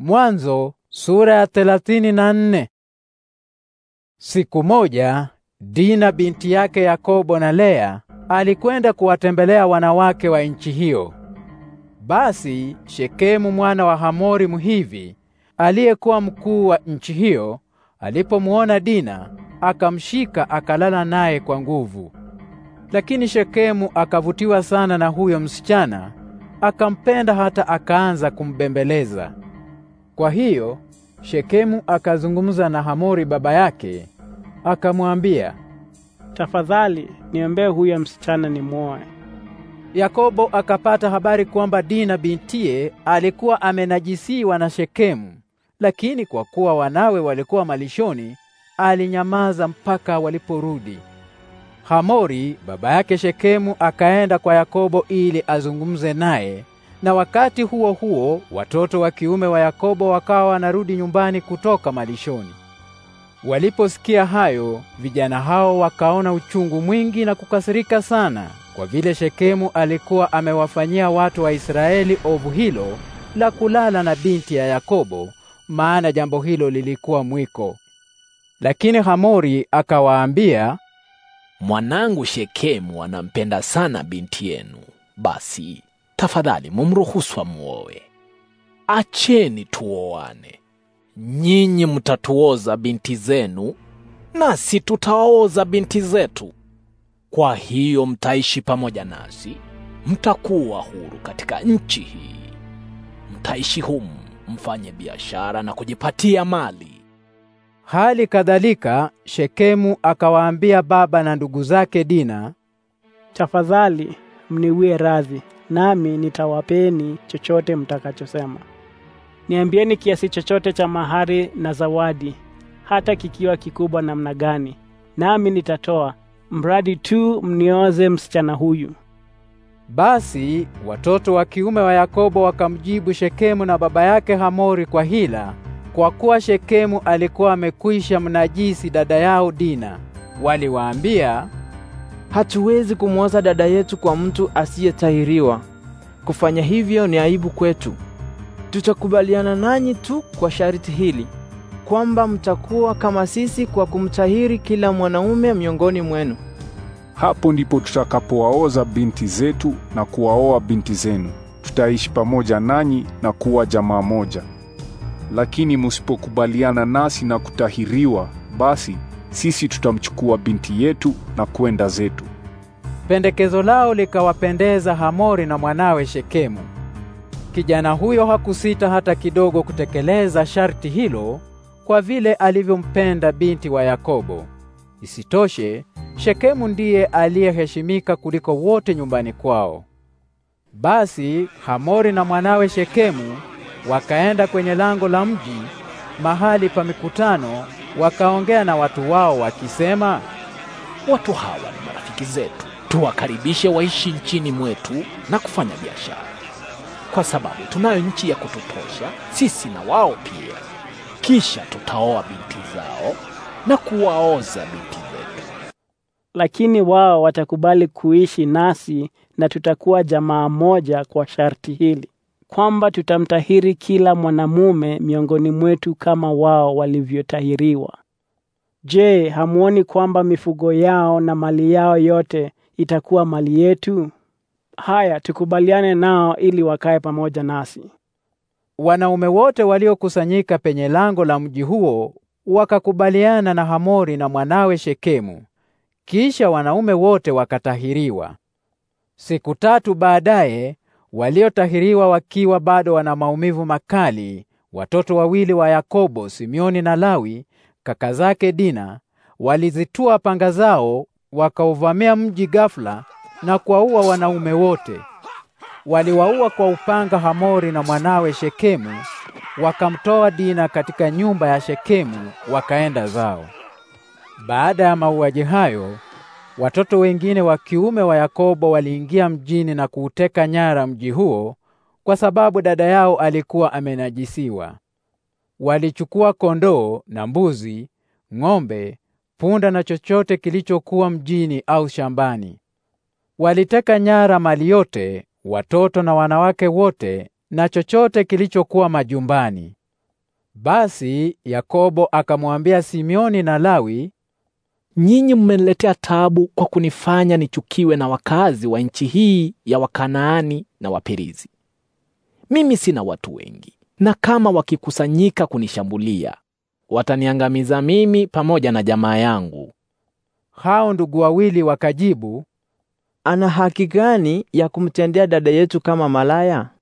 Mwanzo sura ya thelathini na nne. Siku moja Dina binti yake Yakobo na Lea alikwenda kuwatembelea wanawake wa nchi hiyo. Basi Shekemu mwana wa Hamori Muhivi aliyekuwa mkuu wa nchi hiyo alipomuona Dina akamshika akalala naye kwa nguvu. Lakini Shekemu akavutiwa sana na huyo msichana, akampenda hata akaanza kumbembeleza. Kwa hiyo Shekemu akazungumza na Hamori baba yake, akamwambia, tafadhali niombee huyo msichana nimwoe. Yakobo akapata habari kwamba Dina bintiye alikuwa amenajisiwa na Shekemu, lakini kwa kuwa wanawe walikuwa malishoni, alinyamaza mpaka waliporudi. Hamori baba yake Shekemu akaenda kwa Yakobo ili azungumze naye, na wakati huo huo watoto wa kiume wa Yakobo wakawa wanarudi nyumbani kutoka malishoni. Waliposikia hayo, vijana hao wakaona uchungu mwingi na kukasirika sana, kwa vile Shekemu alikuwa amewafanyia watu wa Israeli ovu hilo la kulala na binti ya Yakobo, maana jambo hilo lilikuwa mwiko. Lakini Hamori akawaambia, mwanangu Shekemu anampenda sana binti yenu, basi tafadhali mumruhusu amuowe. Acheni tuoane, nyinyi mtatuoza binti zenu, nasi tutawaoza binti zetu. Kwa hiyo mtaishi pamoja nasi, mtakuwa huru katika nchi hii, mtaishi humu, mfanye biashara na kujipatia mali. Hali kadhalika Shekemu akawaambia baba na ndugu zake Dina, tafadhali mniwie radhi nami nitawapeni chochote mtakachosema. Niambieni kiasi chochote cha mahari na zawadi, hata kikiwa kikubwa namna gani, nami nitatoa, mradi tu mnioze msichana huyu. Basi watoto wa kiume wa Yakobo wakamjibu Shekemu na baba yake Hamori kwa hila, kwa kuwa Shekemu alikuwa amekwisha mnajisi dada yao Dina. Waliwaambia, Hatuwezi kumwoza dada yetu kwa mtu asiyetahiriwa. Kufanya hivyo ni aibu kwetu. Tutakubaliana nanyi tu kwa sharti hili kwamba mtakuwa kama sisi kwa kumtahiri kila mwanaume miongoni mwenu. Hapo ndipo tutakapowaoza binti zetu na kuwaoa binti zenu, tutaishi pamoja nanyi na kuwa jamaa moja. Lakini musipokubaliana nasi na kutahiriwa, basi sisi tutamchukua binti yetu na kwenda zetu. Pendekezo lao likawapendeza Hamori na mwanawe Shekemu. Kijana huyo hakusita hata kidogo kutekeleza sharti hilo kwa vile alivyompenda binti wa Yakobo. Isitoshe, Shekemu ndiye aliyeheshimika kuliko wote nyumbani kwao. Basi Hamori na mwanawe Shekemu wakaenda kwenye lango la mji, mahali pa mikutano wakaongea na watu wao wakisema, watu hawa ni marafiki zetu, tuwakaribishe waishi nchini mwetu na kufanya biashara, kwa sababu tunayo nchi ya kututosha sisi na wao pia. Kisha tutaoa binti zao na kuwaoza binti zetu, lakini wao watakubali kuishi nasi na tutakuwa jamaa moja kwa sharti hili kwamba tutamtahiri kila mwanamume miongoni mwetu kama wao walivyotahiriwa. Je, hamuoni kwamba mifugo yao na mali yao yote itakuwa mali yetu? Haya, tukubaliane nao ili wakae pamoja nasi. Wanaume wote waliokusanyika penye lango la mji huo wakakubaliana na Hamori na mwanawe Shekemu. Kisha wanaume wote wakatahiriwa. Siku tatu baadaye waliotahiriwa wakiwa bado wana maumivu makali, watoto wawili wa Yakobo, simioni na Lawi, kaka zake Dina, walizitua panga zao wakauvamia mji ghafla na kuwaua wanaume wote. Waliwaua kwa upanga Hamori na mwanawe Shekemu, wakamtoa Dina katika nyumba ya Shekemu, wakaenda zao. Baada ya mauaji hayo Watoto wengine wa kiume wa Yakobo waliingia mjini na kuuteka nyara mji huo kwa sababu dada yao alikuwa amenajisiwa. Walichukua kondoo na mbuzi, ng'ombe, punda na chochote kilichokuwa mjini au shambani. Waliteka nyara mali yote, watoto na wanawake wote na chochote kilichokuwa majumbani. Basi Yakobo akamwambia Simioni na Lawi Nyinyi mmeniletea taabu kwa kunifanya nichukiwe na wakazi wa nchi hii ya Wakanaani na Waperizi. Mimi sina watu wengi, na kama wakikusanyika kunishambulia, wataniangamiza mimi pamoja na jamaa yangu. Hao ndugu wawili wakajibu, ana haki gani ya kumtendea dada yetu kama malaya?